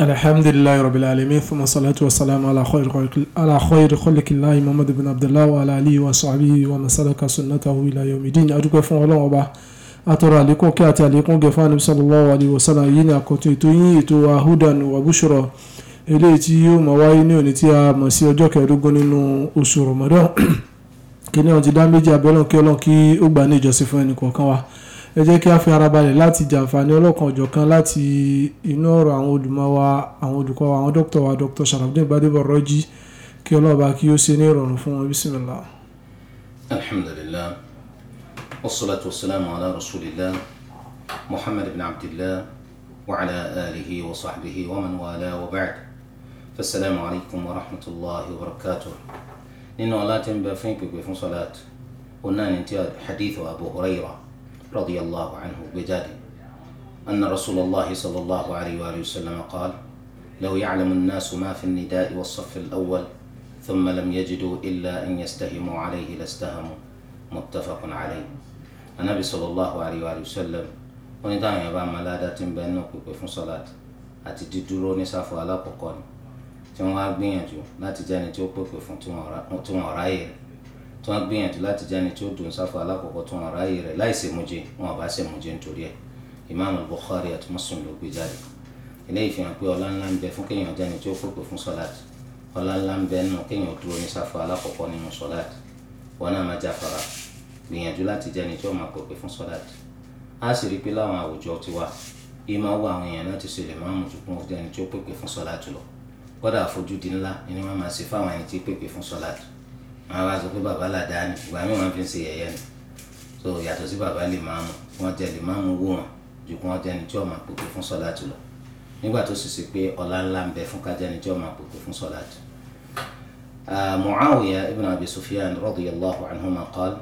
الحمد لله رب العالمين ثم الصلاة والسلام على خير خلق على خير خلق الله محمد بن عبد الله وعلى آله وصحبه ومن سلك سنته إلى يوم الدين أدعوك فون الله وبا أترى لكم كاتي لكم جفان صلى الله عليه وسلم ينا كتيتوين يتوى هدى وبشرى eléyìí tí yóò máa wáyé ní òní tí a mọ̀ sí ọjọ́ kẹẹ̀ẹ́dógún nínú oṣù Ramadan kí ni ọ̀n ti dá méjì abẹ́lọ́n kí ọlọ́n kí ó gbà ní ìjọsìn fún ẹnì kọ̀ọ̀kan wa ẹ jẹ́ kí a fi ara balẹ̀ láti jàǹfààní ọlọ́kan ọ̀jọ̀kan láti inú ọ̀rọ̀ àwọn olùmọ̀ wa àwọn olùkọ́ wa àwọn dókítà wa dr sharafdin gbadebo rọ́jí kí ọlọ́ọ̀bá kí ó ṣe ní ìrọ̀rùn fún wọn bismillah. alhamdulillah wassalatu wassalamu ala rasulillah muhammad ibn abdillah wa ala alihi wa sahbihi wa man wala wa ba'd fasalaamu alaykum wa rahmatulahi wa barakatuh nínú ọlá tí ń bẹ fún ìpèpè fún salat رضي الله عنه بذلك أن رسول الله صلى الله عليه وآله وسلم قال لو يعلم الناس ما في النداء والصف الأول ثم لم يجدوا إلا أن يستهموا عليه لاستهموا متفق عليه النبي صلى الله عليه وآله وسلم wọ́n ní táwọn èèyàn bá máa ládàá tí ń bẹ nínú pípé fún sọ́láàtì àti dídúró ní sáfù alákọ̀ọ́kọ́ ni ملادات eeyan ba wọ́n ti على be تنوار بيانجو لا تجاني توقف في tí tí wọ́n gbìyànjú láti jáni tí ó dùn sáfù alákọ̀ọ́kọ́ tí wọ́n ráàyè rẹ̀ láì ṣèmúje wọn àbá ṣèmúje nítorí ẹ̀ Imam Bukhari àti Muslim ló gbé jáde eléyìí fi hàn pé ọlá ńlá ń bẹ fún kéèyàn jáni tí ó fòpè fún sọláàtì ọlá ńlá ń bẹ nù kéèyàn dúró ní sáfù alákọ̀ọ́kọ́ nínú sọláàtì wọn náà má jáfara gbìyànjú láti jáni tí ó máa pòpè fún sọláàtì á sì rí pé láwọn àwùjọ ti wá ìmọ̀ wọ àwọn èèyàn láti ṣe lè máa mú ju kún jáni tí ó wọn wá sọ pé bàbá làdá ni ìgbà mi wọn fi ń ṣe yẹ̀yẹ́ ni so yàtọ̀ sí bàbá lè máa mú wọn jẹ lè máa mú owó wọn ju kí wọn jẹni tí wọn máa pèpè fún sọláàtù lọ nígbà tó sì ṣe pé ọlá ńlá ń bẹ fún kájẹni tí wọn máa pèpè fún sọláàtù. معاوية ابن أبي سفيان رضي الله عنهما قال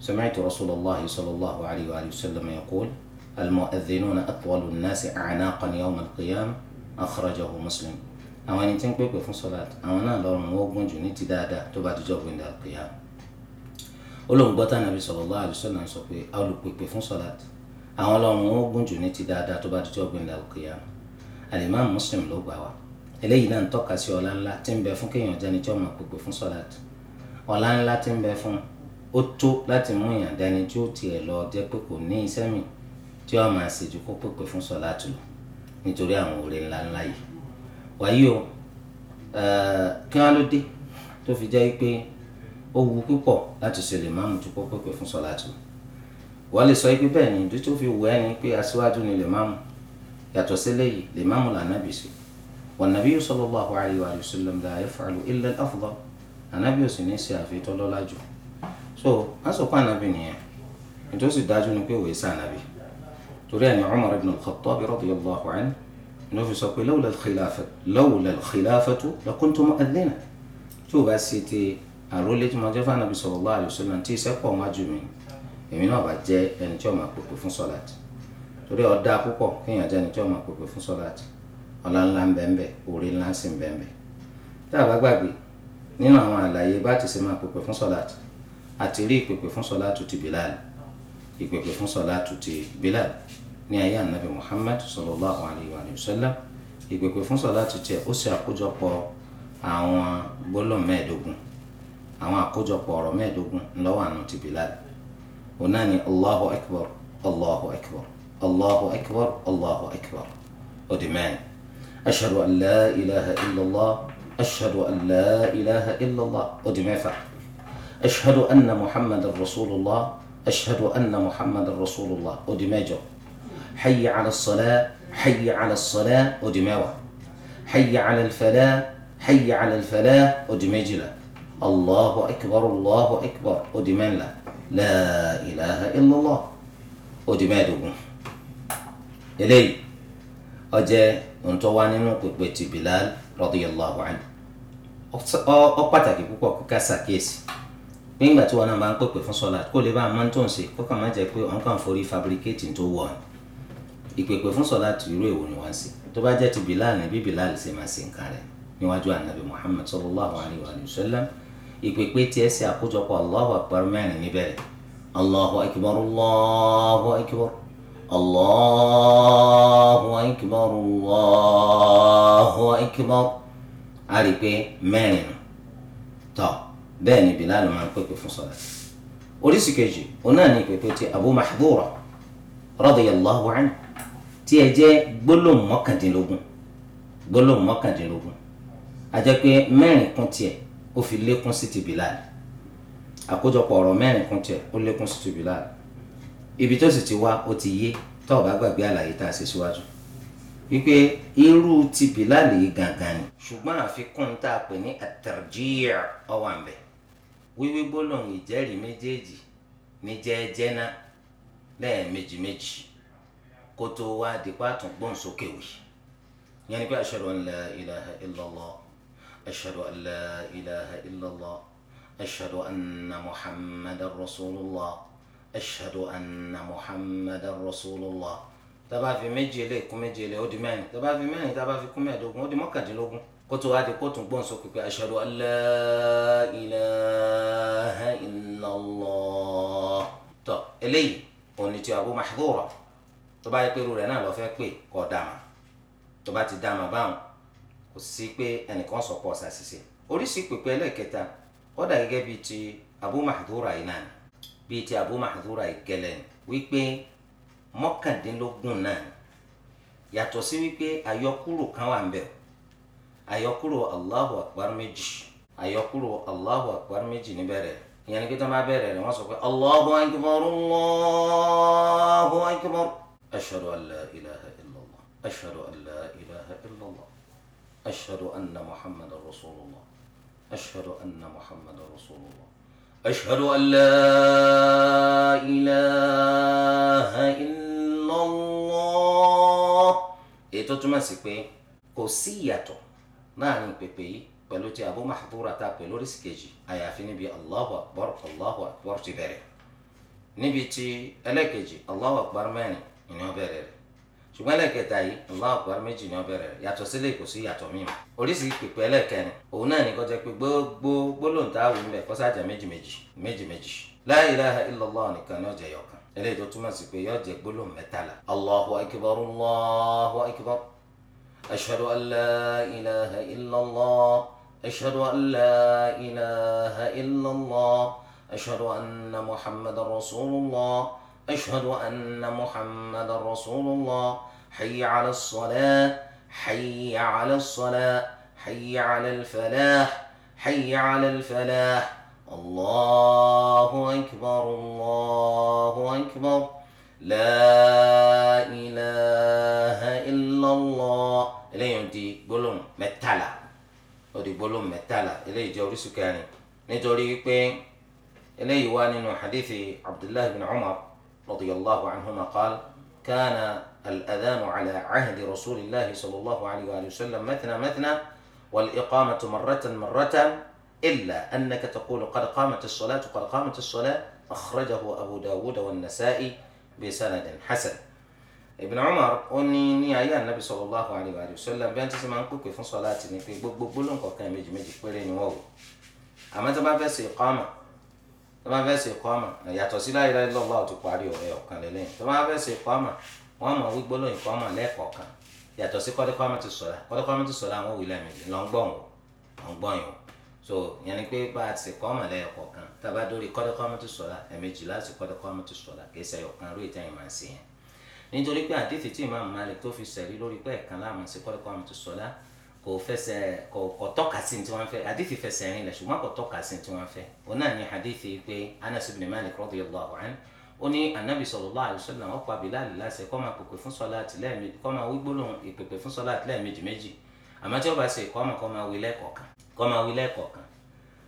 سمعت رسول الله صلى الله عليه وآله وسلم يقول المؤذنون أطول الناس أعناقا يوم القيامة أخرجه مسلم àwọn ẹni tí ń pèpè fún sọlá àwọn náà lọ́rùn wọn ó gùn jù ní ti dáadáa tó bá dijọ́ gbẹ̀ndà kìyà olóńgbọ́tà nàbí sallallahu alaihi wasallam sọ pé olùpèpè fún sọlá àwọn lọ́rùn wọn ó gùn jù ní ti dáadáa tó bá dijọ́ gbẹ̀ndà kìyà Al-Imam Muslim ló gbà wá eléyìí náà ń tọ́ka sí ọlá ńlá tí ń bẹ fún kéèyàn jẹ́ni tí ó máa pèpè fún sọlá ọlá ńlá tí ń bẹ fún ó tó láti mú èèyàn dání tí ó tiẹ̀ lọ jẹ́ pé kò ní iṣẹ́ mi tí ó máa kó pèpè fún sọlá tù nítorí àwọn oore ńlá ńlá yìí wàyí o eh, kí wọn ló dé tó fi jẹ́ pé ó wu púpọ̀ láti ṣe lè máàmù tó kọ́ pẹ́pẹ́ fún sọ́láàtù wọ́n lè sọ pé bẹ́ẹ̀ ni ìdí tó fi wù ẹ́ ni pé aṣíwájú ni lè máàmù yàtọ̀ sílẹ̀ yìí lè máàmù lànàbì sí wọn nàbí sallallahu alayhi wa sallam la yaf'alu illa al-afdal ànàbì ò sì ní ṣe àfitọ́ lọ́lá jù so wọ́n sọ pé ànàbì nìyẹn ìtòsí dájú ni pé òwe sànàbì torí ẹni Umar ibn al-Khattab radiyallahu anhu ló fi sọ pé lawla al-khilafatu lawla al-khilafatu la kuntu mu'adhdhina tí o bá ṣe ti àrólé tí mo jẹ́ fún anabi sallallahu alaihi wasallam tí iṣẹ́ pọ̀ wájú mi èmi náà bá jẹ́ ẹni tí ó máa pèpè fún sọ́láàtì torí ọ̀dà púpọ̀ kéèyàn jẹ́ ẹni tí ó máa pèpè fún sọ́láàtì ọlá ńlá ń bẹ́ẹ̀ orí ńlá sì ń bẹ́ẹ̀ tá a bá gbàgbé nínú àwọn àlàyé bá ti ṣe máa pèpè fún sọ́láàtì àti rí ìpèpè fún sọ́láàtù ti Bilal ìpèpè fún sọ́láàtù ti Bilal ní ayé anabi muhammad sallallahu alayhi wa sallam ìpèpè fún ti tẹ ó ṣe àkójọpọ̀ àwọn gbólóhùn mẹ́ẹ̀ẹ́dógún àwọn àkójọpọ̀ ọ̀rọ̀ mẹ́ẹ̀ẹ́dógún lọ́wọ́ àánú ti bilal òun náà ni allahu akbar allahu akbar allahu akbar allahu akbar ó di mẹ́rin ashadu an la ilaha illallah ashadu an la ilaha illallah ó di mẹ́fà ashadu anna muhammadan rasulillah ashadu anna muhammadan rasulillah ó di mẹ́jọ. حي على الصلاة حي على الصلاة ó di mẹ́wàá حي على الفلاح حي على الفلاح ó di méjìlá الله أكبر الله أكبر ó di mẹ́ńlá لا إله إلا الله ó di mẹ́ẹ̀ẹ́dógún eléyìí ó jẹ́ ohun tó wá nínú pèpè ti Bilal radiyallahu anhu ó pàtàkì púpọ̀ kó ká ṣàkíyèsí nígbà tí wọn náà bá ń pèpè fún sọlá kó lè bá a máa ń tó ń ṣe kó kàn má jẹ́ pé òun kàn forí fabricate tó wọ̀ ọ́n. ìpèpè fún sọláàtì irú èwo ni wọ́n ṣe tó bá jẹ́ ti bilal ni bí bilal ṣe máa ṣe nǹkan rẹ̀ níwájú anabi muhammad sallallahu alayhi wa sallam ìpèpè tiẹ̀ ṣe àkójọpọ̀ allahu akbar mẹ́rin níbẹ̀rẹ̀ allahu akbar allahu akbar allahu akbar allahu akbar a rí i pé mẹ́rin tọ́ bẹ́ẹ̀ ni bilal máa ń pèpè fún sọláàtì oríṣìí kejì òun náà ni ìpèpè ti abu mahdura radiyallahu anhu. tí ẹ jẹ́ gbólóhùn mọ́kàndínlógún gbólóhùn mọ́kàndínlógún a jẹ́ pé mẹ́rin kún tiẹ̀ ó fi lékún sí ti Bilal àkójọpọ̀ ọ̀rọ̀ mẹ́rin kún tiẹ̀ ó lékún sí ti Bilal ibi tó sì ti wá ó ti yé tó o gbàgbé àlàyé tá a ṣe síwájú wípé irú ti Bilal yìí gangan ni ṣùgbọ́n àfikún tá a pè ní at-tarjih ọwọ́ àǹbẹ̀ wíwí gbólóhùn ìjẹ́rìí méjèèjì ní jẹ́ẹ́jẹ́ náà lẹ́ẹ̀mejì méjì. méjì kó tó wá dípá tún gbọ́n sókè wì yẹn ni pé ashhadu an la ilaha illallah ashhadu an la ilaha illallah ashhadu anna muhammadar rasulullah ashhadu anna muhammadar rasulullah tába fi méje lé kún méje lé ó di mẹ́rin tába fi mẹ́rin tába fi kún mẹ́ẹ̀ẹ́dógún ó di mọ́kàndínlógún kó tó wá di kó tún gbọ́n sókè an la ilaha illallah tó eléyìí òní Abu Mahdhura tó bá yẹ pé irú rẹ̀ náà lọ fẹ́ pè kọ́ dàmà tó bá ti dàmà báwọn kò sí pé ẹnìkan sọ pọ̀ ṣàṣìṣe oríṣi pèpè ẹlẹ́kẹta ó dà gẹ́gẹ́ bíi ti Abu Mahdura yìí náà bíi ti Abu Mahdura yìí gẹ́lẹ́ wípé mọ́kàndínlógún náà yàtọ̀ sí wípé àyọkúrò kan wà ń bẹ̀ àyọkúrò Allahu Akbar méjì àyọkúrò Allahu Akbar méjì níbẹ̀rẹ̀ ìyẹn ni pé tó máa bẹ̀rẹ̀ rẹ̀ wọ́n sọ pé Allahu Akbar Allahu Akbar. أشهد أن لا إله إلا الله أشهد أن لا إله إلا الله أشهد أن محمد رسول الله أشهد أن محمد رسول الله أشهد أن لا إله إلا الله إيتو تما سيكوي كو سياتو ناني بيبي بلوتي أبو محظورة تا بلوري سكيجي أيا فيني بي الله أكبر الله أكبر تباري نبيتي ألاكيجي الله أكبر ماني ìní ọbẹ̀ rẹ̀ ṣùgbọ́n ẹlẹ́kẹta yìí Allahu Akbar méjì ní ọbẹ̀ rẹ̀ yàtọ̀ sílẹ̀ kò sí yàtọ̀ mímọ́ oríṣi pèpè ẹlẹ́kẹrin òun náà ní kọjá pé gbogbo gbólóǹtà wù ń bẹ̀ kọ́sájà méjì méjì méjì méjì la ilaha illallah nìkan ní ọjà yọkan eléyìí tó túmọ̀ sí pé yọ jẹ gbólóǹ mẹ́tàlá Allahu akbar Allahu akbar ashhadu an la ilaha illallah ashhadu an ilaha illallah ashhadu اشهد ان محمد رسول الله حي على الصلاه حي على الصلاه حي على الفلاح حي على الفلاح الله اكبر الله اكبر لا اله الا الله الى يمتي بولوم متالا ودي بولوم متالا الي جوري سكاني نجوري بين الي وانينو حديث عبد الله بن عمر رضي الله عنهما قال كان الأذان على عهد رسول الله صلى الله عليه وآله وسلم مثنى مثنى والإقامة مرة مرة إلا أنك تقول قد قامت الصلاة قد قامت الصلاة أخرجه أبو داود والنسائي بسند حسن Ibn عمر أني نيايا النبي صلى الله عليه وآله وسلم بأنت سمعنك wọn ti ṣe máa ń pèpè fún sọláàtì ní pé gbogbo gbólóǹkọ̀ọ̀kan méjì méjì péré وو أما gbogbo بس إقامة tó bá fẹ́ ṣe kọ́mà yàtọ̀ sí la ilaha illallah ò ti parí ọ̀rẹ́ ọ̀kan lẹ́lẹ́yìn tó bá fẹ́ ṣe kọ́mà wọ́n mọ̀ wí gbólóyìn kọ́mà lẹ́ẹ̀kọ̀ọ̀kan yàtọ̀ sí kọ́dékọ́mà ti sọ̀rọ̀ kọ́dékọ́mà ti sọ̀rọ̀ àwọn òwìlẹ̀ méjì lọ́ngbọ̀n o lọ́ngbọ̀n yìí o so yẹn ni pé bá a ti kọ́mà lẹ́ẹ̀kọ̀ọ̀kan tá a bá dórí kọ́dékọ́mà ti sọ̀rọ̀ ẹ̀mejì láti kọ́dékọ́mà ti sọ̀rọ̀ kì í ṣe ọ̀kan rú ìtẹ́yìn máa ń ṣe yẹn nítorí pé àdìtì tí ìmáàmù kò fẹsẹ̀ kò kò tọ́ka sí tí wọ́n fẹ́ hadithi fẹsẹ̀ rìn lẹ̀ ṣùgbọ́n kò tọ́ka sí tí wọ́n fẹ́ wọn náà ní hadithi pé anas ibn malik radiyallahu anhu ó ní anabi sallallahu alaihi wasallam ó pa bilal láṣẹ kó máa pèpè fún sọlá àtìlẹ́ẹ̀mejì kó máa wí gbólóhùn ìpèpè fún sọlá àtìlẹ́ẹ̀mejì méjì àmọ́ tí ó bá ṣe kó máa kó máa wí lẹ́ẹ̀kọ̀ọ̀kan kó máa wí lẹ́ẹ̀kọ̀ọ̀kan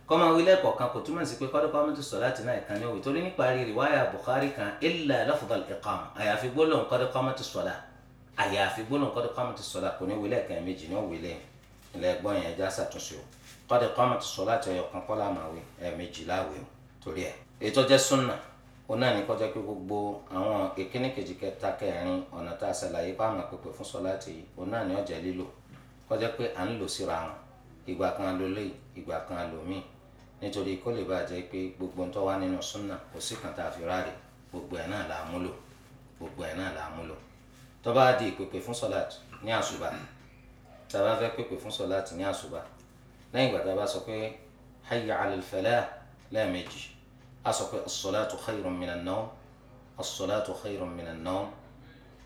kọ́mọ wílẹ̀ kọ̀ọ̀kan kò túmọ̀ sí pé kọ́dọ̀kọ́ mọ́tò sọ láti náà ìkànnì òwe torí nípa rí rìwáyà Bukhari kan illa lafdal iqama àyàfi gbólóhùn kọ́dọ̀kọ́ sọ̀lá àyàfi gbóná kọ́dọ̀ kọ́mọ̀tì sọ̀lá kò ní wílẹ̀ kan méjì ní òwìlẹ̀ ilẹ̀ ẹ̀gbọ́n yẹn já sàtúnṣe o kọ́dọ̀ kọ́mọ̀tì sọ̀lá ti ọ̀yọ̀ kan kọ́lá màwé ẹ̀ẹ̀mejì láwé o torí ẹ̀ ètò jẹ́ súnà ó náà ní kọjá pé gbogbo àwọn ìkíní kejì kẹta kẹrin ọ̀nà tá a ṣàlàyé pàmò pípẹ́ fún sọ̀lá ti yìí ó náà ní ọ̀jẹ̀ lílò kọjá pé à ń lò síra wọn ìgbà kan ló lé ìgbà kan ló míì nítorí kó lè bàa jẹ́ pé gbogbo ń tọ́ wá nínú súnà kò sí kan tá a fi ráàlì gbogbo ẹ̀ náà là á múlò gbogbo ẹ̀ náà là á múlò tó bá di ìpèpè fún sọláàtì ní àṣùbà tá a bá fẹ́ pèpè fún sọláàtì ní àṣùbà lẹ́yìn ìgbà tá a bá sọ pé hayya ala al-falah lẹ́ẹ̀mejì a sọ pé as-salatu khayrun min an-nawm as-salatu khayrun min an-nawm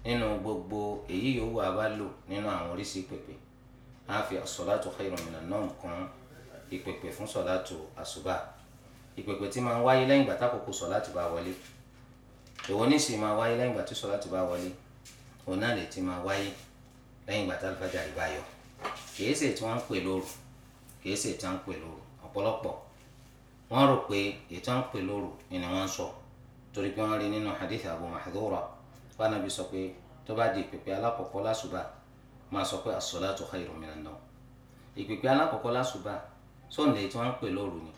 nínú gbogbo èyí yòówù a bá lò nínú àwọn oríṣi pèpè a fi as-salatu khayrun min an ìpèpè fún sọláàtù àṣùbà ìpèpè tí máa ń wáyé lẹ́yìn ìgbà tá àkókò sọláàtì bá wọlé èwo ní sì máa wáyé lẹ́yìn ìgbà tí sọláàtì bá wọlé òun náà lè ti máa wáyé lẹ́yìn ìgbà tí alifájàrí bá yọ kìí ṣe tí wọ́n ń pè lóru kìí ṣe tí wọ́n ń pè lóru ọ̀pọ̀lọpọ̀ wọ́n rò pé ètò ń pè lóru ni wọ́n ń sọ torí pé wọ́n rí nínú hadith Abu Mahdhura fanabi sọ pé tó bá di ìpèpè alákọ̀ọ́kọ́ lásùbà máa sọ pé as-salatu khayrun minan nawm ìpèpè alákọ̀ọ́kọ́ lásùbà sóun lè tí wọ́n ń pè lóru ni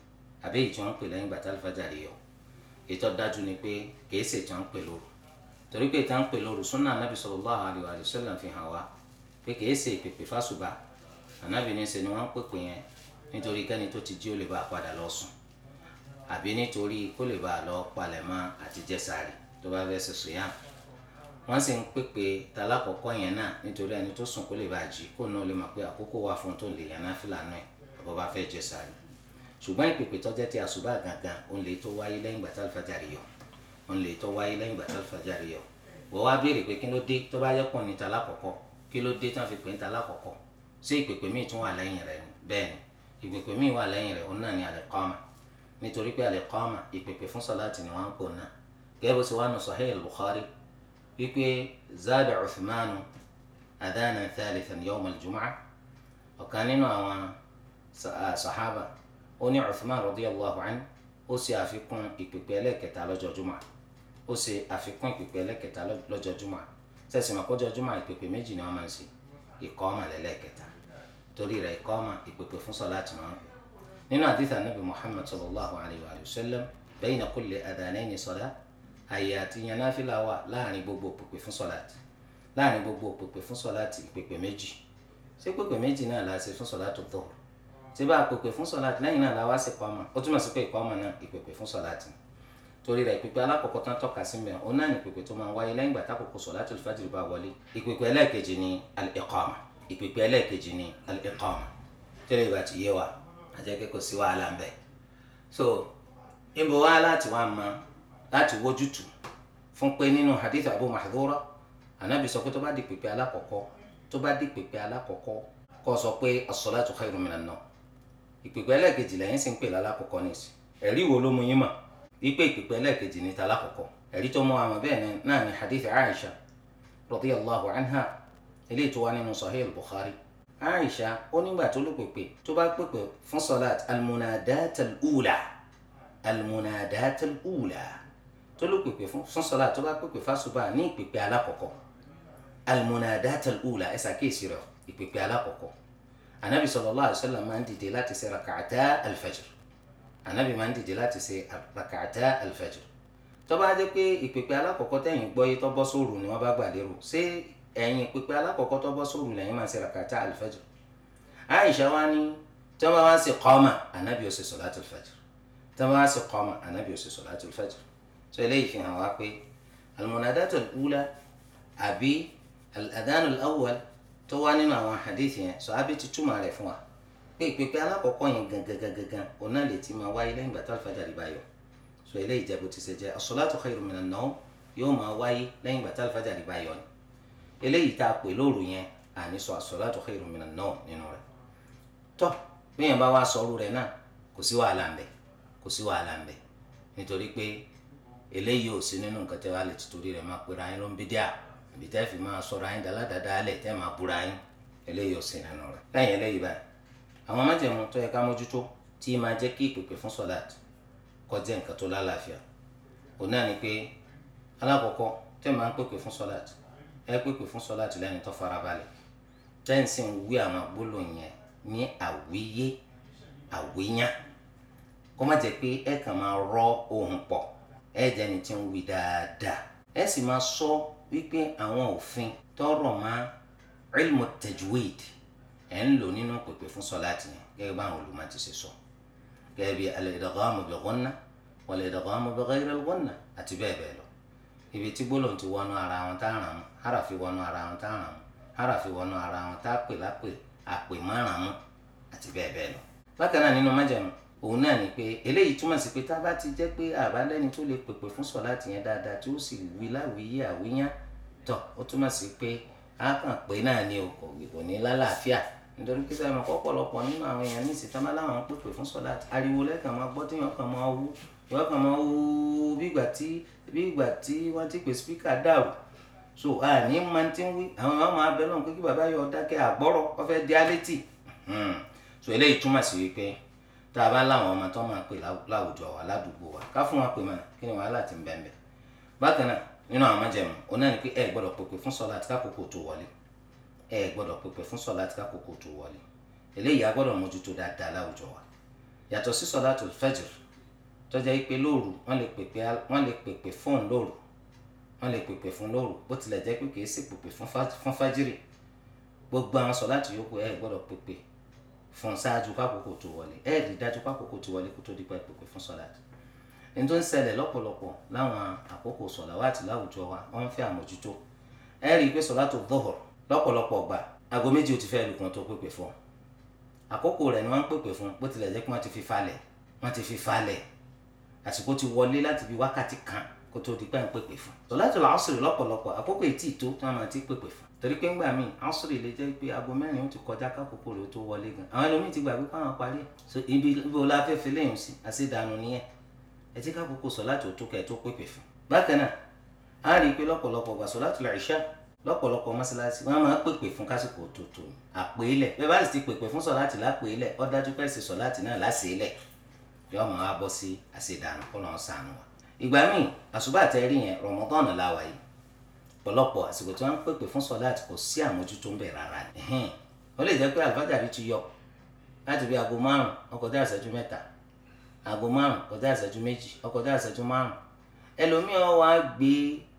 àbí èyí tí wọ́n ń pè lẹ́yìn ìgbà tí alifájàrí yọ ètò dájú ni pé kìí ṣe tí wọ́n ń pè lóru torí pé ìtàn pè lóru súnà anábì sallallahu alaihi wa sallam fi hàn wá pé kìí ṣe ìpèpè fásùbà anábì ní ṣe ni wọ́n ń pèpè yẹn nítorí kẹ́ni tó ti jí ó lè bá a padà lọ sùn àbí nítorí kó lè bá a lọ palẹ̀mọ́ àti jẹ́sàárì tó bá fẹ́ ṣe sùn yàn wọ́n sì ń pèpè talákọ̀ọ́kọ́ yẹn náà nítorí ẹni tó sùn kó lè bá a jí kó náà lè mọ̀ pé àkókò wà fún tó lè yàn náfìlà náà àbọ̀ bá fẹ́ jẹ́sàárì ṣùgbọ́n ìpèpè tọ́jẹ́ ti àsùbà gangan òun òun lè tọ́ wáyé lẹ́yìn ìgbà tí alifajari yọ wọ́n wá béèrè pé kí ló dé tó bá yẹ pọ̀ níta lákọ̀ọ́kọ́ kí ló dé tán fi pè níta lákọ̀ọ́kọ́ ṣé ìpèpè míì tún wà lẹ́yìn rẹ̀ bẹ́ẹ̀ ni ìpèpè míì wà lẹ́yìn rẹ̀ òun náà ni al-iqama nítorí pé al-iqama ìpèpè fún sọláàtì ni wọ́n ń pò náà gẹ́gẹ́ bó ṣe wà nù Sahih bukhari wípé zada Uthmanu adana thalithan yawm al-jum'a ọ̀kan nínú àwọn sahaba ó ní Uthman radiyallahu anhu ó ṣe àfikún ìpèpè ẹlẹ́kẹta lọ́jọ́ jum'a ó ṣe àfikún ìpèpè ẹlẹ́kẹta lọ́jọ́ júmọ̀ sẹ́sìn mọ̀ kọ́jọ́ júmọ̀ ìpèpè méjì ni wọ́n máa ń ṣe ìkọ́mà lẹ́lẹ́kẹta torí rẹ̀ ìkọ́mà ìpèpè fún sọ́láàtì wọn. nínú àdìsá nàbì Muhammad sallallahu alayhi wa sallam bayna kulli adhanayni sọ́lá àyè àti yanáfìlà wà láàrin gbogbo ìpèpè fún sọ́láàtì láàrin gbogbo ìpèpè fún sọ́láàtì ìpèpè méjì ṣé pèpè méjì náà la ṣe fún sọ́láàtì dọ̀ọ̀ ṣé bá ìpèpè fún sọ́láàtì lẹ́yìn náà la wá sí ìkọ́mà ó túmọ̀ sí pé ìkọ́mà náà ìpèpè fún sọ́láàtì ni torí rẹ̀ ìpèpè alákọ̀ọ́kọ́ tán tọ́ka sí mẹ́rin òun náà ní ìpèpè tó máa ń wáyé lẹ́yìn ìgbà tákòókò sọ̀látul fajr bá wọlé ìpèpè ẹlẹ́ẹ̀kejì ni al-iqama ìpèpè ẹlẹ́ẹ̀kejì ni al-iqama tẹ́lẹ̀ ìgbà tí yé wa àjẹ́ pé kò sí wàhálà ń bẹ. so ibo wa láti wá mọ láti wójútu fún pé nínú hadith abu mahdura anabi sọ pé tó bá di pèpè alákọ̀ọ́kọ́ tó bá di pèpè alákọ̀ọ́kọ́ kó sọ pé as-salatu khayrun minan nawm ìpèpè ẹlẹ́ẹ̀kejì lẹ́yìn sì ń pè lálákọ̀ọ́kọ́ nìyí ẹ̀rí wípé ìpèpè ẹlẹ́ẹ̀kejì ní ta lákọ̀ọ́kọ́ ẹ̀rí tó mú àwọn bẹ́ẹ̀ náà ní hadith aisha radiyallahu anha eléyìí tó wá nínú sahih al-bukhari aisha ó nígbà tó ló pèpè tó bá pèpè fún salat almunadat al-ula almunadat al-ula tó ló pèpè fún salat tó bá pèpè fásubà ní ìpèpè alákọ̀ọ́kọ́ almunadat ula ẹ̀ sàkíyèsí rẹ̀ ìpèpè alákọ̀ọ́kọ́ anabi sallallahu alayhi wa sallam máa ń dìde láti ṣe rak'ata al anabi máa ń dìde láti ṣe rakata alfajr tó bá jẹ́ pé ìpèpè alákọ̀ọ́kọ́ tẹ̀yìn gbọ́ yìí tó bọ́ sóòrù ni wọ́n bá gbà lérò ṣé ẹ̀yìn ìpèpè alákọ̀ọ́kọ́ tó bọ́ sóòrù lẹ́yìn máa ṣe rakata alfajr aisha wa ni tí wọ́n bá wá ṣe kọ́ọ̀mà anabi ò ṣe sọ̀láàtì alfajr tí wọ́n bá wá ṣe kọ́ọ̀mà anabi ò ṣe sọ̀láàtì alfajr so eléyìí fi hàn wá pé almunadatu alula àbí aladanu àwọn hadith yẹn so àbí ti túmọ̀ rẹ̀ fún wa pé ìpínpín alákọ̀ọ́kọ́ yẹn gangan gangan gan òun náà lè ti máa wáyé lẹ́yìn ìgbà tó alifájàrí bá yọ so eléyìí jẹ́ bó ti ṣe jẹ́ as-salatu khayrun minan nawm yóò máa wáyé lẹ́yìn ìgbà tó alifájàrí bá yọ ni eléyìí tá a pè lóru yẹn àní sọ as-salatu khayrun minan nawm nínú rẹ̀ tọ́ bí yẹn bá wá sọrú rẹ̀ náà kò sí wàhálà ń bẹ kò sí wàhálà ń bẹ nítorí pé eléyìí ò sí nínú nǹkan tẹ́ àwọn májẹ̀mú tó yẹ ká mójútó tí máa jẹ́ kí ìpèpè fún sọ̀lát kó jẹ́ nǹkan tó lálàáfíà òun náà ni pé alákọ̀ọ́kọ́ tẹ́ máa ń pèpè fún sọ̀lát ẹ pèpè fún sọ̀lát lẹ́ni tó farabalẹ̀ tẹ́yìn sì ń wí àwọn gbólóhùn yẹn ní àwíyé àwíyán kó má jẹ́ pé ẹ kàn máa rọ ohùn pọ̀ ẹ jẹ́ni tí ń wí dáadáa ẹ sì máa sọ wípé àwọn òfin tọrọ máa ilmu tajwid ẹ̀ ń lò nínú pèpè fún sọláàtì yẹn gẹ́gẹ́ bá àwọn olùmọ̀ ti ṣe sọ gẹ́gẹ́ bí al-idghamu bi ghunnah wal-idghamu bi ghayri al-ghunnah àti bẹ́ẹ̀ bẹ́ẹ̀ lọ ibi tí gbólóhùn ti wọnú ara wọn tá ràn mú harafi wọnú ara wọn tá ràn mú harafi wọnú ara wọn tá pè lápè àpè má ràn mú àti bẹ́ẹ̀ bẹ́ẹ̀ lọ. bákan náà nínú májàmú òun náà ni pé eléyìí túmọ̀ sí pé tá ti jẹ́ pé àbálẹ́ni tó lè pèpè fún sọ̀láàtì yẹn dáadáa tí ó sì wí láwìyí àwíyán tọ̀ ó túmọ̀ sí pé á kàn pé náà ni o kò ní lálàáfíà nítorí pé sẹ́yìn ọ̀pọ̀ ọ̀pọ̀lọpọ̀ nínú àwọn èèyàn ní ìsìtàn máa láwọn pèpè fún sọ́láàtì ariwo lẹ́kàn máa gbọ́ téèyàn kàn máa wú ìwọ́n kàn máa wú bí ìgbà tí bí ìgbà tí wọ́n ti pè spíkà dàrú so àní máa ti ń wí àwọn èèyàn máa bẹ lọ́hùn pé kí bàbá yọ dákẹ́ àgbọ́rọ̀ wọ́n fẹ́ di alétì hmm. so eléyìí túmọ̀ sí wípé tá a bá láwọn ọmọ tó máa pè láwùjọ wa ládùúgbò wa ká fún wa pè mọ́ kí ni wàhálà ti ń bẹ̀ẹ̀ bákan náà nínú àwọn májẹ̀mú onáà ni pé ẹ gbọ́dọ̀ pèpè fún sọ́láàtì kákòókò tó wọlé ẹ gbọ́dọ̀ pèpè fún sọ̀láàtì kákòókò tó wọlé eléyìí a gbọ́dọ̀ mójútó dáadáa láwùjọ wa yàtọ̀ sí sọ̀láàtì fẹ́jìr tó jẹ́ pé lóru wọ́n lè pèpè fún lóru wọ́n lè pèpè fún lóru bó tilẹ̀ jẹ́ pé kìí sì pèpè fún fájírì gbogbo àwọn sọ̀láàtì yòókù ẹ gbọ́dọ̀ pèpè fún ṣáájú kákòókò tó wọlé ẹ rí dájú kákòókò tó wọlé kó tó di pèpè fún sọ̀láàtì ní tó ń ṣẹlẹ̀ lọ́pọ̀lọpọ̀ láwọn àkókò sọ̀láwàtì láwùjọ wa wọ́n ń fẹ́ àmójútó ẹ rí i pé sọ̀láàtì dọ́họ̀rọ̀ lọ́pọ̀lọpọ̀ gbà aago méjì ó ti fẹ́ lùkàn tó pèpè fún ọ àkókò rẹ̀ ni wọ́n ń pèpè fún bó tilẹ̀ jẹ́ pé wọ́n ti fi falẹ̀ wọ́n ti fi falẹ̀ àsìkò ti wọlé láti bí wákàtí kan kó tó di pé ń pèpè fún tọ́látò làásùrì lọ́pọ̀lọpọ̀ àkókò ètí ìtó tí wọ́n máa ti pèpè fún torí pé ńgbà míì àásùrì lè jẹ́ pé aago mẹ́rin ó ti kọjá kákòókò rẹ̀ tó wọlé gan àwọn ẹlòmíì ti gbàgbé káwọn parí so ibi ibo la fẹ́ fi léyìn sí àṣedànù nìyẹn ẹ ti kákòókò sọ láti òtó kẹ tó pèpè fún bákan náà a rí i pé lọ́pọ̀lọpọ̀ gbà sọ láti lọ ìṣá lọ́pọ̀lọpọ̀ mọ́ṣáláṣí wọ́n máa pèpè fún kásìkò tuntun àpèélẹ̀ bẹ́ẹ̀ bá sì ti pèpè fún sọ̀láàtì lápèélẹ̀ ó dájú pé ṣe sọ̀láàtì náà láṣèélẹ̀ yóò máa bọ́ sí àṣedànù kó lọ́n sànù wa. ìgbà míì àṣùbà tẹ́rí yẹn Ramadan la wà yìí pọ̀lọpọ̀ àsìkò tí wọ́n ń pèpè fún sọ̀láàtì kò sí àmójútó ń bẹ̀ rárá ni. ó lè jẹ́ pé àlùfáàjàrí ti yọ láti bí aago márùn-ún ó kọjá ìṣẹ́jú mẹ́ta aago márùn-ún ó méjì ó kọjá márùn-ún wá gbé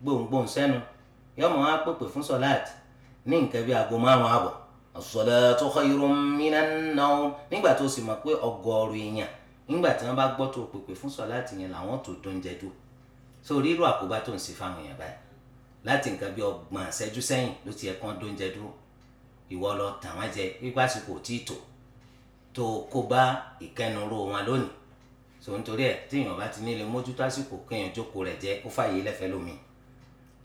gbòǹgbòǹ sẹ́nu yọmọ wa pèpè fún sọláàtì ní nǹkan bíi aago márùn àbọ̀ as-salatu khayrun minan nawm nígbà tó sì mọ̀ pé ọgọ́rù èèyàn nígbà tí wọ́n bá gbọ́ tó pèpè fún sọláàtì yẹn làwọn tó dún jẹ́dú so rírò àkóbá tó ń ṣe fáwọn èèyàn báyìí láti nǹkan bíi ọgbọ̀n àṣẹjú sẹ́yìn ló ti yẹ kán dún jẹ́dú ìwọ lọ tàn wọ́n jẹ pípàsípò tí tò tó kó bá ìkẹnuró wọn lónìí so nítorí ẹ téèyàn bá ti nílé mójútó àsìkò kéèyàn jókòó rẹ̀ jẹ ó fàyè lẹ́fẹ̀ẹ́ lómi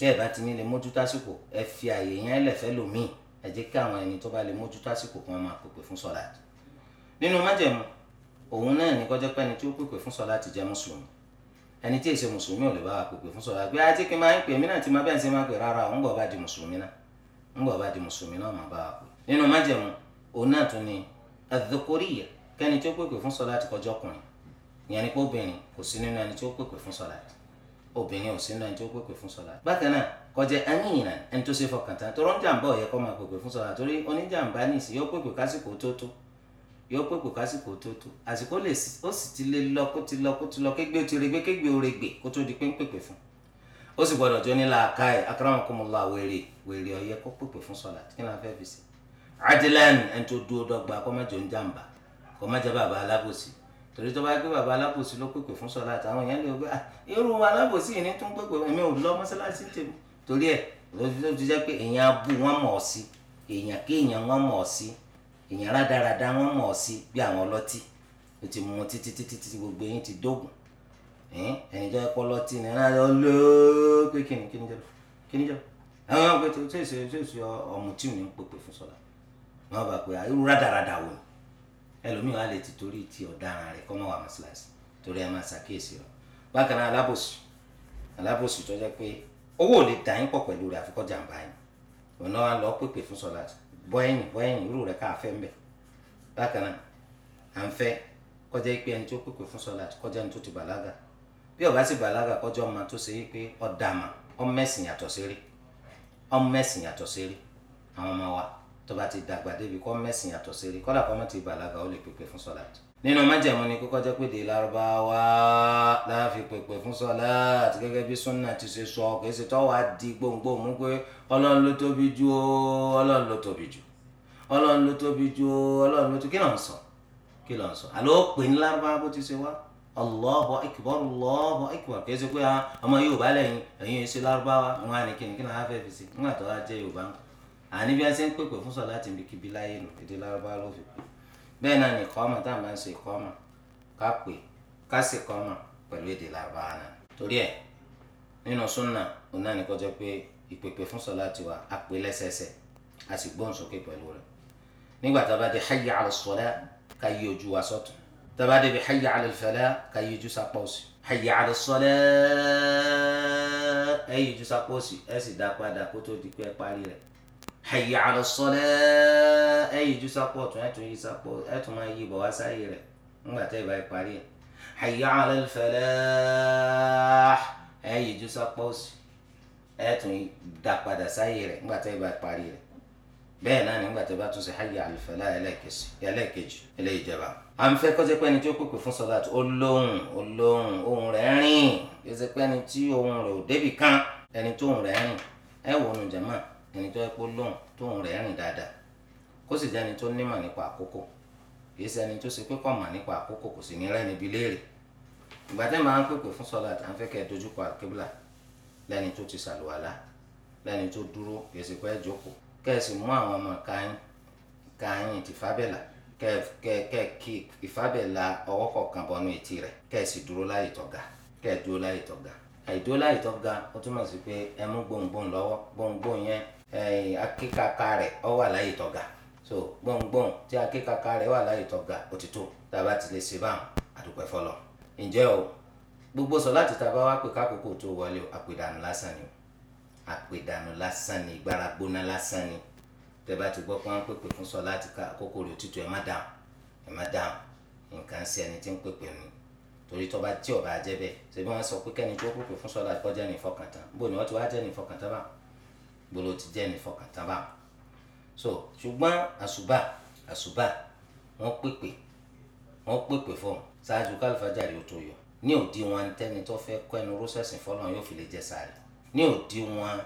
bẹ́ẹ̀ bá ti ní lè mójútó àsìkò ẹ fi àyè yẹn lẹ̀fẹ́ lòmíì ẹ jẹ́ kí àwọn ẹni tó bá lè mójútó àsìkò kan máa pèpè fún sọ̀lá nínú májẹ̀mú òun náà ní kọjá pé ẹni tí ó pèpè fún sọ̀lá ti jẹ́ mùsùlùmí ẹni tí èsè mùsùlùmí ò lè bá wa pèpè fún sọ̀lá gbé ajé kí n máa ń pè mí náà tí máa bẹ́ẹ̀ sí máa pè rárá ń bọ̀ bá di mùsùlùmí náà ń bọ̀ bá di mùsùlùmí náà máa bá wa pè nínú májẹ̀mú òun náà tún ni adhukuriya kẹ́ni tí ó pèpè fún sọ̀lá ti kọjọ́ ọkùnrin ìyẹn ni pé obìnrin kò sí nínú ẹni tí ó pèpè fún sọ̀lá ti obìnrin ò sínú ẹni tó pèpè fún sọlá bákan náà kọjá amínà ẹni tó ṣe fọkàn tán tó rọ́njàmbá ò yẹ kó máa pèpè fún sọlá torí oníjàmbá nìsí yóò pèpè kásìkò tó tó yóò pèpè kásìkò tó tó àsìkò lè ó sì ti lè lọ kó ti lọ kó ti lọ kégbé ti regbé kégbé o regbè kó tó di pé ń pèpè fún ó sì gbọdọ̀ tó ní làákà ẹ̀ akramakumullah wèrè wèrè ó yẹ kó pèpè fún sọlá kí ni a fẹ́ fi ṣe adilani ẹni tó dúró dọ́gba kó má jọ ń jàmbá kó má jẹ bàbá alábòsí torí tó bá gbé bàbá alábòsí ló pèpè fún sọlá àtàwọn èèyàn lè gbé ah irú alábòsí yìí ni tó ń pèpè èmi ò lọ mọ́sálásí tèmi torí ẹ̀ ló ti jẹ́ pé èèyàn abú wọn mọ̀ ọ́ sí èèyàn kí èèyàn wọn mọ̀ ọ́ sí èèyàn rádaràda wọn mọ̀ ọ́ sí bí àwọn ọlọ́tí ó ti mú wọn títí títí títí gbogbo eyín ti dógùn ẹni jẹ́ pọ́ lọ́tí ni láti ọlọ́ọ́ pé kí ni kí ni jẹ́ kí ni jẹ́ àwọn ọmọ pé tó ṣèṣe ọmọ tí ò ní pèpè fún sọlá wọn bá pè ah, irú rádaràda wò ẹlòmíì wà lè ti torí ti ọ̀daràn rẹ̀ kọ́ mọ́ torí ẹ máa ṣàkíyèsí o bákan náà alábòsù alábòsù tó jẹ́ pé owó ò lè dà yín pọ̀ pẹ̀lú rẹ̀ àfikọ́ jàǹbá yín òun náà lọ pèpè fún sọlá bọ́ẹ̀yìn bọ́ẹ̀yìn irú rẹ̀ káà fẹ́ mbẹ̀ bákan náà à ń fẹ́ kọjá pé ẹni tó pèpè fún sọlá kọjá ẹni ọba sì bàlágà kọjá ọmọ tó ṣe pé ọ̀dàmà ọmọ ẹ̀sìn yàtọ̀ sí rí ọmọ ẹ̀sìn yàtọ̀ sí wa tó bá ti dàgbà débi kọ́ mẹ́sìn yàtọ̀ sí rí kọ́dà kọ́mọ́ ti bàlágà ó lè pèpè fún sọ́láàtì. nínú májẹ̀mú ni kókó jẹ́ pé dè lárúbáwá láàfin pèpè fún sọ́láàtì gẹ́gẹ́ bí súnà ti ṣe sọ kì í ṣe á di gbòǹgbòmù pé ọlọ́run ló ó ọlọ́run tóbi ọlọ́run tóbi ó ọlọ́run tóbi kí ló sọ kí ló ń sọ pè ní bó ti ṣe wá ah, ọmọ yorùbá lẹ́yìn wọn á ní kí ni wọn á fẹ́ àní bí wọ́n ṣe ń pèpè fún sọ láti ibikíbi láyé nù èdè lárúbá ló fi pè bẹ́ẹ̀ náà ní ìkọ́mọ̀ tá à máa ń ṣe ìkọ́mọ̀ ká pè ká sì kọ́mọ̀ pẹ̀lú èdè lárúbá náà torí ẹ̀ nínú súnà òun náà ní kó jẹ́ pé ìpèpè fún sọ láti wà á pè lẹ́sẹẹsẹ a sì gbóhùn sókè pẹ̀lú rẹ̀ nígbà tá a bá dé hayya ala ká yí ojú wa sọ́tún tá a bá dé bi hayya ala ká yí ojú sápá òsì hayya ala ẹ yí ojú sápá òsì ẹ sì dá padà kó tó di pé ẹ parí rẹ̀ hayya ala salat ẹ yíjú sápọ̀ tún ẹ tún yí sápọ̀ ẹ tún máa yí bọ̀ wá sáyé rẹ̀ ńgbà tẹ́ ìbá ìparí ẹ̀ hayya ala falah ẹ yíjú sápọ̀ sí ẹ tún dá padà sáyé rẹ̀ ńgbà tẹ́ ìbá ìparí rẹ̀ bẹ́ẹ̀ náà nígbà tó bá tún ṣe hayya ala falah ẹlẹ́ẹ̀kejì eléyìí jẹba. à ń fẹ́ kọ́sẹ́ pẹ́ni tí ó pèpè fún sọ́lá olóhùn olóhùn ohùn rẹ̀ rìn kọ́sẹ́ pẹ́ni tí ohùn rẹ̀ ò débì kan ẹni tó ohùn rẹ̀ rìn ẹ wò nu jẹ̀mọ́ ẹni tó yẹ pé lóhùn tóun rẹ̀ rìn dáadáa kó sì jẹ́ ẹni tó nímọ̀ nípa àkókò kìí ṣe ẹni tó ṣe pé kò mọ̀ nípa àkókò kò sì ní rẹ́ níbi léèrè ìgbà tẹ́ máa ń pèpè fún sọ́lá àti àǹfẹ́kẹ́ dojúkọ àkébùlà lẹ́ni tó ti ṣàlùwàlá lẹ́ni tó dúró kìí ṣe pé jókòó kẹ́ẹ̀sì mú àwọn ọmọ kayin kayin ti fábẹ́là kẹ́ẹ̀ kí ìfábẹ́là ọwọ́ kọ̀ọ̀kan bọnú etí rẹ̀ kẹ́ẹ̀sì dúró láyè tọ́ga kẹ́ẹ̀ dúró láyè tọ́ga àìdúró láyè tọ́ga ó túmọ̀ sí pé ẹ mú gbohùngbohùn lọ́wọ́ gbohùngbohùn yẹn akíkaka rẹ̀ ọ wà láyè tọ́ga so gbọ̀ngbọ̀n tí akíkaka rẹ̀ wà láyè tọ́ga ó ti tó tàbá ti lè ṣe báwọn àdúpẹ́ fọlọ́ ǹjẹ́ o gbogbo sọ láti tàbá wá pé kákòókò tó wọlé o àpèdànù lásán ni o àpèdànù lásán ni ìgbára gbóná lásán ni tẹ́bá ti gbọ́ pé wọ́n ń pèpè fún sọ láti ká àkókò rẹ̀ òtítù ẹ̀ má dáhùn ẹ̀ má dáhùn nǹkan sí ẹni tí ń pèpè nù torí tọba tí ọba jẹ́ bẹ́ẹ̀ ṣe bí wọ́n sọ pé kẹ́ni tó pèpè fún sọ láti kọjá ní ìfọkàntán bó ni wọ́n ti wá jẹ́ ní ìfọkàntán báwọn gbolo ti jẹ́ ní fọkàntàbà so ṣùgbọ́n àṣùbà àṣùbà wọ́n pèpè wọ́n pèpè fún un ṣáájú kálífàjárì ó tó yọ ní òdi wọn tẹni tó fẹ́ kọ́ ẹnu rọ́ṣẹ̀sìn fọlọ́n yóò fi lè jẹ sáré ní òdi wọn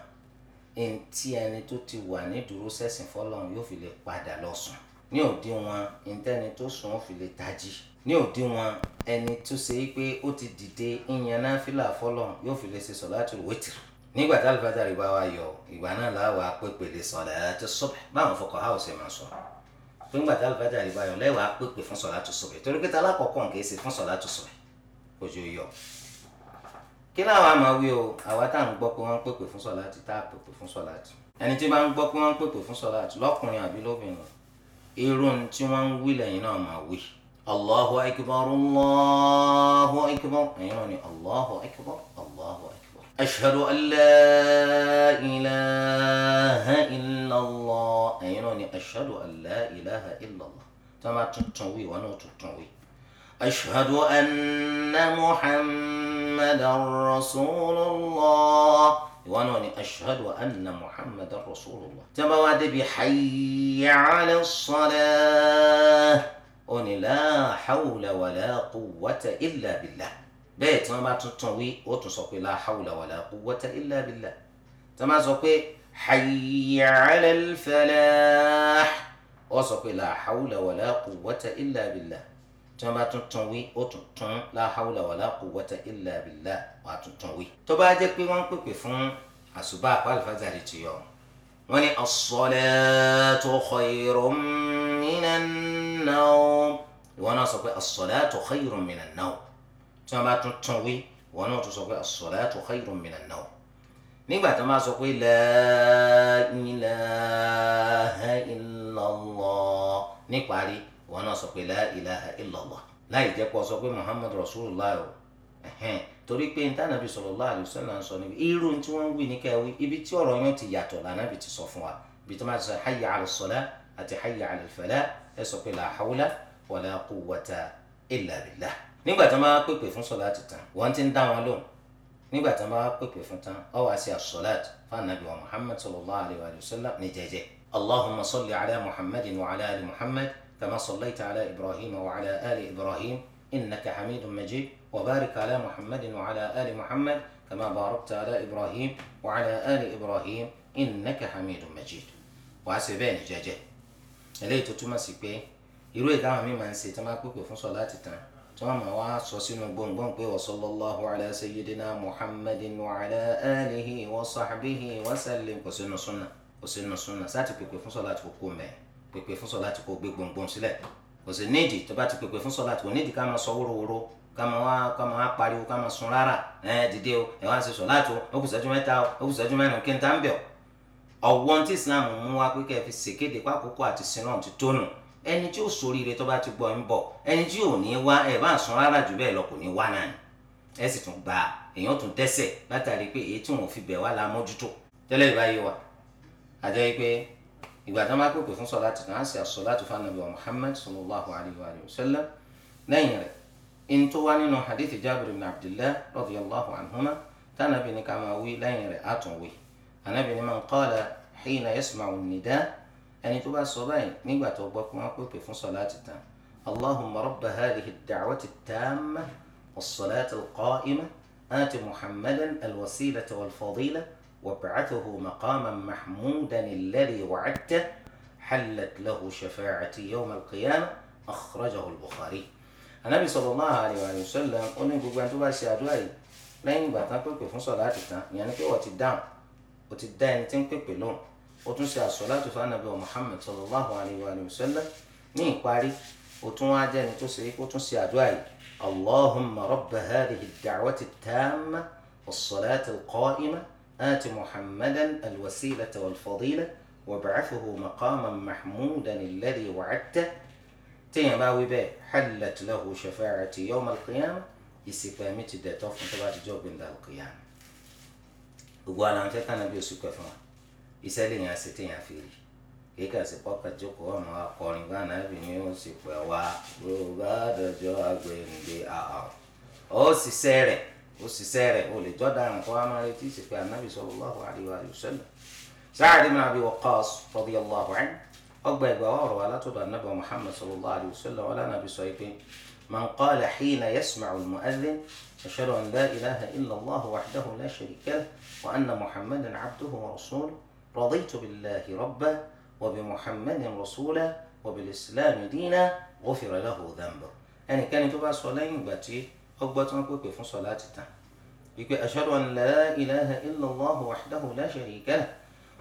ntí ẹni tó ti wà ní dúró ṣẹ̀sìn fọlọ́n yóò fi lè padà lọ sùn ní òdi wọn ntẹni tó sùn fi lè tají ní òdi wọn ẹni tó ṣe é pé ó ti dìde ìyẹn náà fìlà fọlọ́n yóò fi lè ṣe sọ̀láàtù wítìrì nígbà tí alifájàre bá wa yọ ìgbà náà láwa pépè lè sọ̀rọ̀ àti sọ́bẹ̀ báwọn fọkọ̀ ha ò ṣe máa sọ pé ńgbà tí alifájàre bá yọ lẹ́wàá pépè fún sọ̀rọ̀ àti sọ̀bẹ̀ torí pé talákọ̀ọ́kọ́ nǹkan ṣe fún sọ̀rọ̀ àti sọ̀bẹ̀ òjò yọ. kí láwa máa wí o àwa tá à ń gbọ́ pé wọ́n pépè fún sọ̀rọ̀ àti tá à pépè fún sọ̀rọ̀ àti ẹni tí bá ń gbọ́ pé wọ́n pépè fún sọ̀rọ̀ àti lọ́kùnrin أشهد أن لا إله إلا الله أينوني أشهد أن لا إله إلا الله تما تتوي ونو تتوي أشهد أن محمد رسول الله ونوني أشهد أن محمد رسول الله تما واد بحي على الصلاة أني لا حول ولا قوة إلا بالله bẹ́ẹ̀ tí wọ́n bá tún tún wí ó tún sọ pé la hawla wala quwwata illa billah tí wọ́n bá sọ pé hayya ala al-falah ó sọ pé la hawla wala quwwata illa billah tí wọ́n bá tún tún wí ó tún tún la hawla wala quwwata illa billah wàá tún tún wí. tó bá jẹ́ pé wọ́n pèpè fún àṣùbà àpàlùfáàzàrì ti yọ wọ́n ní as-salatu khayrun minan nawm ìwọ náà sọ pé as-salatu khayrun minan nawm tí wọ́n bá tún tún wí wọn náà tún sọ pé as-salatu khayrun minan nawm nígbà tí wọ́n bá sọ pé la ilaha illallah níparí wọn náà sọ pé la ilaha illallah láì jẹ́ pé ọ sọ pé muhammadu rasulullah o torí pé ntànàbí sallallahu alaihi wasallam ń sọ níbi irú tí wọ́n ń wí ní kẹwì ibi tí ọ̀rọ̀ yẹn ti yàtọ̀ lànàbí ti sọ fún wa ibi tí wọ́n ti sọ hayya ala àti hayya ala ẹ sọ pé la hawla wala quwwata illa billah nígbà tí wọ́n bá pèpè fún sọ̀láàtì tán wọ́n ti ń dá wọn lóhùn nígbà tí wọ́n bá pèpè fún tán ọ wá sí àsọ̀láàtì fún anabi wa muhammad sallallahu alayhi wa sallam ní jẹ́jẹ́ allahumma salli ala muhammadin wa ala ali muhammad kama sallaita ala ibrahim wa ala ali ibrahim innaka hamidun majid wa barik ala muhammadin wa ala ali muhammad kama barakta ala ibrahim wa ala ali ibrahim innaka hamidun majid wàá ṣe bẹ́ẹ̀ ní jẹ́jẹ́ eléyìí tó túmọ̀ sí pé irú ìdáhùn mi máa ń ṣe tí wọ́n bá pèpè fún sọ̀láàtì tán tí wọ́n máa wá sọ sínú gbọ̀ngbọ̀n pé wa sallallahu ala sayyidina muhammadin wa ala alihi wa sahbihi wa sallim kò sínú súnà kò sínú súnà sáti pèpè fún sọlá ti kò kó mẹ́ pèpè fún sọlá ti kò gbé gbọ̀ngbọ̀n sílẹ̀ kò sí nídìí tó bá ti pèpè fún sọlá ti kò nídìí ká máa sọ wórówóró kama wa kama wa pariwo kama sun rara ẹ dìde o ẹ wá ṣe sọ láti o ó sẹ́jú mẹ́ta o ó kù sẹ́jú mẹ́rin kí n ta ń bẹ̀ ọ́ ẹni tí ó ṣoríire tó bá ti gbọ́ ń bọ̀ ẹni tí ò ní wá ẹ̀ bá ń sun rárá jù bẹ́ẹ̀ lọ kò ní wá náà ni ẹ sì tún gba èèyàn tún dẹ́sẹ̀ látàrí pé èyí tí wọn fi bẹ̀ wá la mójútó tẹ́lẹ̀ ìbáyé wa àjẹ́ pé ìgbà tó máa pèpè fún sọlá tuntun á sì àsọlá tó fáwọn nàbẹ̀wò Muhammad sallallahu alayhi wa sallam lẹ́yìn rẹ̀ in tó wá nínú hadith Jabir ibn Abdillah radiyallahu anhuma tánàbì ká máa wí lẹ́yìn rẹ̀ á tún wí ànàbì ní ẹni tó bá sọ báyìí nígbà tó gbọ́ pé wọ́n pèpè fún sọ̀láàtì tán allahumma rabba hadhihi ad-da'wati at-tamma was-salati al-qa'ima ati muhammadan al-wasilata wal-fadila wab'athuhu maqaman mahmudan alladhi wa'adta حلت له شفاعتي يوم القيامة أخرجه البخاري النبي صلى الله عليه وسلم ó ní gbogbo ẹni tó bá ṣe àdúrà yìí lẹ́yìn ìgbà tán pèpè fún sọ̀láàtì tán ìyẹn ni pé wọ́n ti dáhùn ó ti dá ẹni tí ń pèpè lóhùn ó tún ṣe àsọ̀látù fanabi Muhammad sallallahu alayhi wa sallam ní ìparí ó tún wá jẹ́ni tó ṣe kó tún ṣe àdúrà yìí allahumma rabba hadhihi ad-da'wati at-tamma was-salati al-qa'ima ati muhammadan al-wasilata wal-fadila wab'athuhu maqaman mahmudan alladhi wa'adta téèyàn bá wí bẹ́ẹ̀ hallat lahu shafa'ati yawm al-qiyamah ìsìnkú ẹ̀mí ti dẹ̀tọ́ fún tó bá ti jọ́ gbẹ̀ndà al-qiyamah gbogbo àlàǹfẹ́ kànáà bí oṣù kẹfọ́n wa. iṣẹ́ lè yàn ṣe téèyàn fi rí kíkà sí pọ́kàtí kò ọmọ akọrin gánà ẹ̀bì ni ó sì pẹ̀ wá yorùbá dọjọ́ agbẹ̀ǹde àhàn ó ṣiṣẹ́ rẹ̀ ó ṣiṣẹ́ rẹ̀ ó lè jọ́dá nǹkan á máa retí ìsìnkú anábì sallallahu alaihi wa sallam Sa'd ibn Abi Waqqas radiyallahu anhu ọgbà ẹgbà ọ̀rọ̀ alátọ̀dọ̀ anábì Muhammad sallallahu alaihi wa sallam ọlá nàbì sọ pé man qala hina yasma'u al-mu'adhdhin ashhadu an la ilaha illa Allah wahdahu la sharika lahu wa anna Muhammadan abduhu wa rasuluhu رضيت بالله ربا وبمحمد رسولا وبالاسلام دينا غفر له ذنبه يعني كان تبع صلاين باتي أقوى تنكو كيف صلاة تان أشهد أن لا إله إلا الله وحده لا شريك له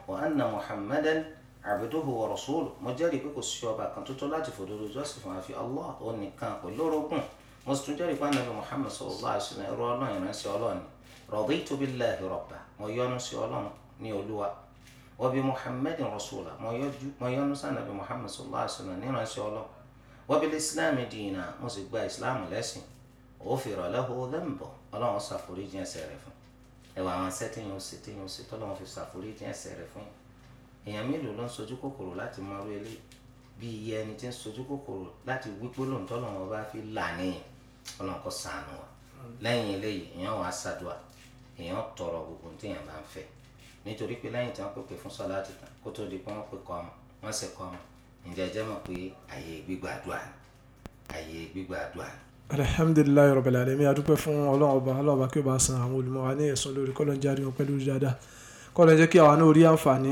وأن محمدا عبده ورسوله مجاري بكو السيوبا كنت تلات فدور جواسف ما في الله وأني كان كل ركم مستجاري بأن محمد صلى الله عليه وسلم يروى الله ينسي الله رضيت بالله ربا ويانسي الله نيولوا wabi muhammadin rasuula mo yọ́nú sí ànábì muhammad sallallahu alayhi wa sallam níránṣẹ́ ọlọ́ wabi islámi dìínà mo sì gba ìsìláàmù lẹ́sìn òfìrọ̀ lahu dhanbo ọlọ́run ṣàforíjì ẹ̀ṣẹ̀ rẹ̀ fún ẹ̀wọ̀n àwọn ẹ̀ṣẹ̀ téèyàn ṣe téèyàn ṣe tọ́lọ́run fi ṣàforíjì ẹ̀ṣẹ̀ rẹ̀ fún èèyàn mélòó ló ń sojú kòkòrò láti mọ orí ilé bí iye ẹni tí ń sojú kòkòrò láti wí pé lóun tọ́lọ́run ọba fi là níyìn ọlọ́run kó ṣàánú wa lẹ́yìn eléyìí èèyàn wàá ṣàdúà èèyàn tọrọ gbogbo téèyàn bá ń fẹ́ nítorí pé lẹ́yìn tí wọ́n pèpè fún sọ́lá ti tán kó tó di pé wọ́n pè kọ́ ọmọ wọ́n sì kọ́ ọmọ ǹjẹ́ jẹ́ mọ̀ pé àyè gbígbàdúrà àyè gbígbàdúrà. alihamdulilayi rabbil alamin adúpẹ́ fún ọlọ́run ọba ọlọ́run ọba kí o bá san àwọn olùmọ̀ wa ní ẹ̀sùn lórí kọ́lọ́n jáde wọn pẹ̀lú dáadáa kọ́lọ́n jẹ́ kí àwa náà rí àǹfààní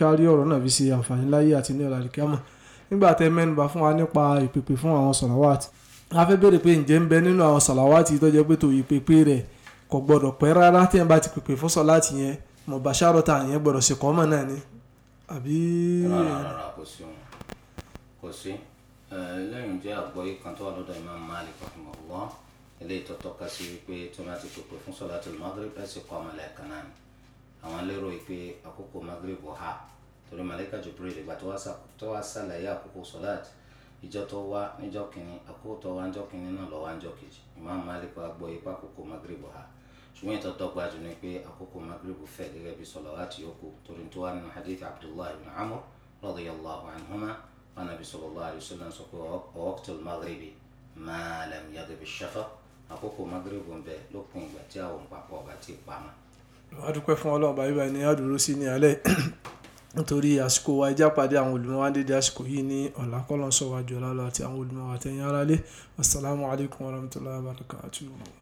kárí ọ̀rọ̀ náà fi ṣe àǹfààní láyé àti ní ọ̀là àdìkámọ̀ nígbà tẹ́ mẹ́nuba fún wa nípa ìpèpè fún àwọn sọ̀làwàtì a fẹ́ béèrè pé ǹjẹ́ ń bẹ nínú àwọn sọ̀làwàtì tó jẹ́ pé tó ìpèpè mọ̀ bàṣàrọ̀ ta yẹn gbọ́dọ̀ ṣe kọ́ mọ̀ náà ni àbí. rárá rárá kò sí òun kò sí lẹ́yìn jẹ́ àgbọ̀yé kan tó wà lọ́dọ̀ Imam Malik rahimahullah eléyìí tó tọ́ka sí wípé tó máa ti pèpè fún solatul Maghrib ẹ̀sìn kọ́ ọmọ lẹ́ẹ̀kan náà ni àwọn lérò wípé àkókò Maghrib wọ̀ ha torí Malaika Jibril ìgbà tó wá sàlàyé àkókò solat ìjọ tó wá níjọ́ kìíní àkókò tó wá níjọ́ kìíní náà lọ́wọ́ níjọ́ kejì Imam Malik wa gbọ́ ipa àkókò Maghrib wọ̀ ha ṣùgbọ́n ìtọ́ dọ́gba jù ni pé àkókò magrebu fẹ́ gẹ́gẹ́ bí sọlọ́láàtì yòókù torí tó wà nínú hadith abdullahi ibn amr radiyallahu anhuma wọn nàbí sallallahu alayhi wa sallam sọ pé waqtul magrebi ma lam yaghribi shafaq àkókò magrebu ń bẹ lópin ìgbà tí àwọn papọ̀ ọba ti pamọ́. wàá dúpẹ́ fún ọlọ́run bàbá ibà ni a dúró sí ní alẹ́ nítorí àsìkò wa ẹjá pàdé àwọn olùmọ̀ wa dédé àsìkò yìí ní ọ̀la kọ́lọ́ńsọ̀ wájú ọ̀la lọ àti àwọn olùmọ̀ wa tẹ̀yìn aráalé wasalaamualeykum warahmatullahi wabarakatuh.